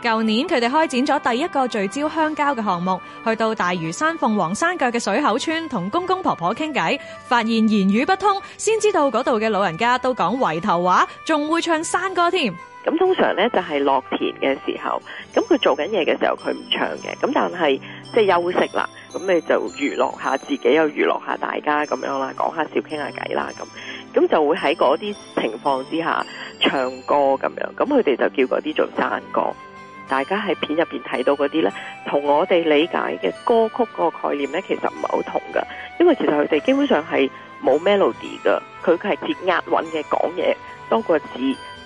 舊年佢哋開展咗第一個聚焦鄉郊嘅項目，去到大嶼山鳳凰山腳嘅水口村同公公婆婆傾偈，發現言語不通，先知道嗰度嘅老人家都講圍頭話，仲會唱山歌添。咁通常咧就係落田嘅時候，咁佢做緊嘢嘅時候佢唔唱嘅，咁但係即係休息啦，咁你就娛樂下自己又娛樂下大家咁樣啦，講下笑，傾下偈啦咁，咁就會喺嗰啲情況之下唱歌咁樣，咁佢哋就叫嗰啲做山歌。大家喺片入邊睇到嗰啲咧，同我哋理解嘅歌曲嗰個概念咧，其實唔係好同噶。因為其實佢哋基本上係冇 melody 噶，佢係節壓韻嘅講嘢，多個字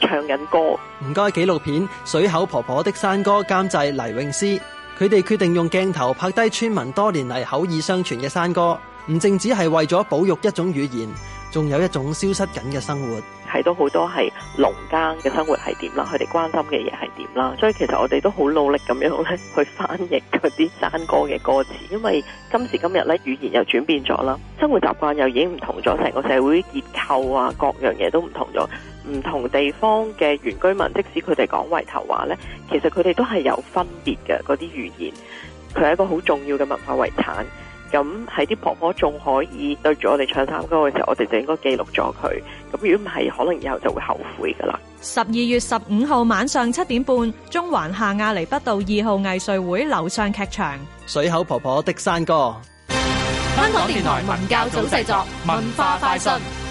唱緊歌。唔該，紀錄片《水口婆婆的山歌》監製黎詠詩，佢哋決定用鏡頭拍低村民多年嚟口耳相傳嘅山歌，唔淨止係為咗保育一種語言。仲有一種消失緊嘅生活，睇到好多係農耕嘅生活係點啦，佢哋關心嘅嘢係點啦，所以其實我哋都好努力咁樣咧去翻譯佢啲山歌嘅歌詞，因為今時今日咧語言又轉變咗啦，生活習慣又已經唔同咗，成個社會結構啊，各樣嘢都唔同咗，唔同地方嘅原居民，即使佢哋講圍頭話咧，其實佢哋都係有分別嘅嗰啲語言，佢係一個好重要嘅文化遺產。咁喺啲婆婆仲可以對住我哋唱山歌嘅時候，我哋就應該記錄咗佢。咁如果唔係，可能以後就會後悔噶啦。十二月十五號晚上七點半，中環下亞厘畢道二號藝穗會樓上劇場，水口婆婆的山歌。香港 電台文教組製作，文化快訊。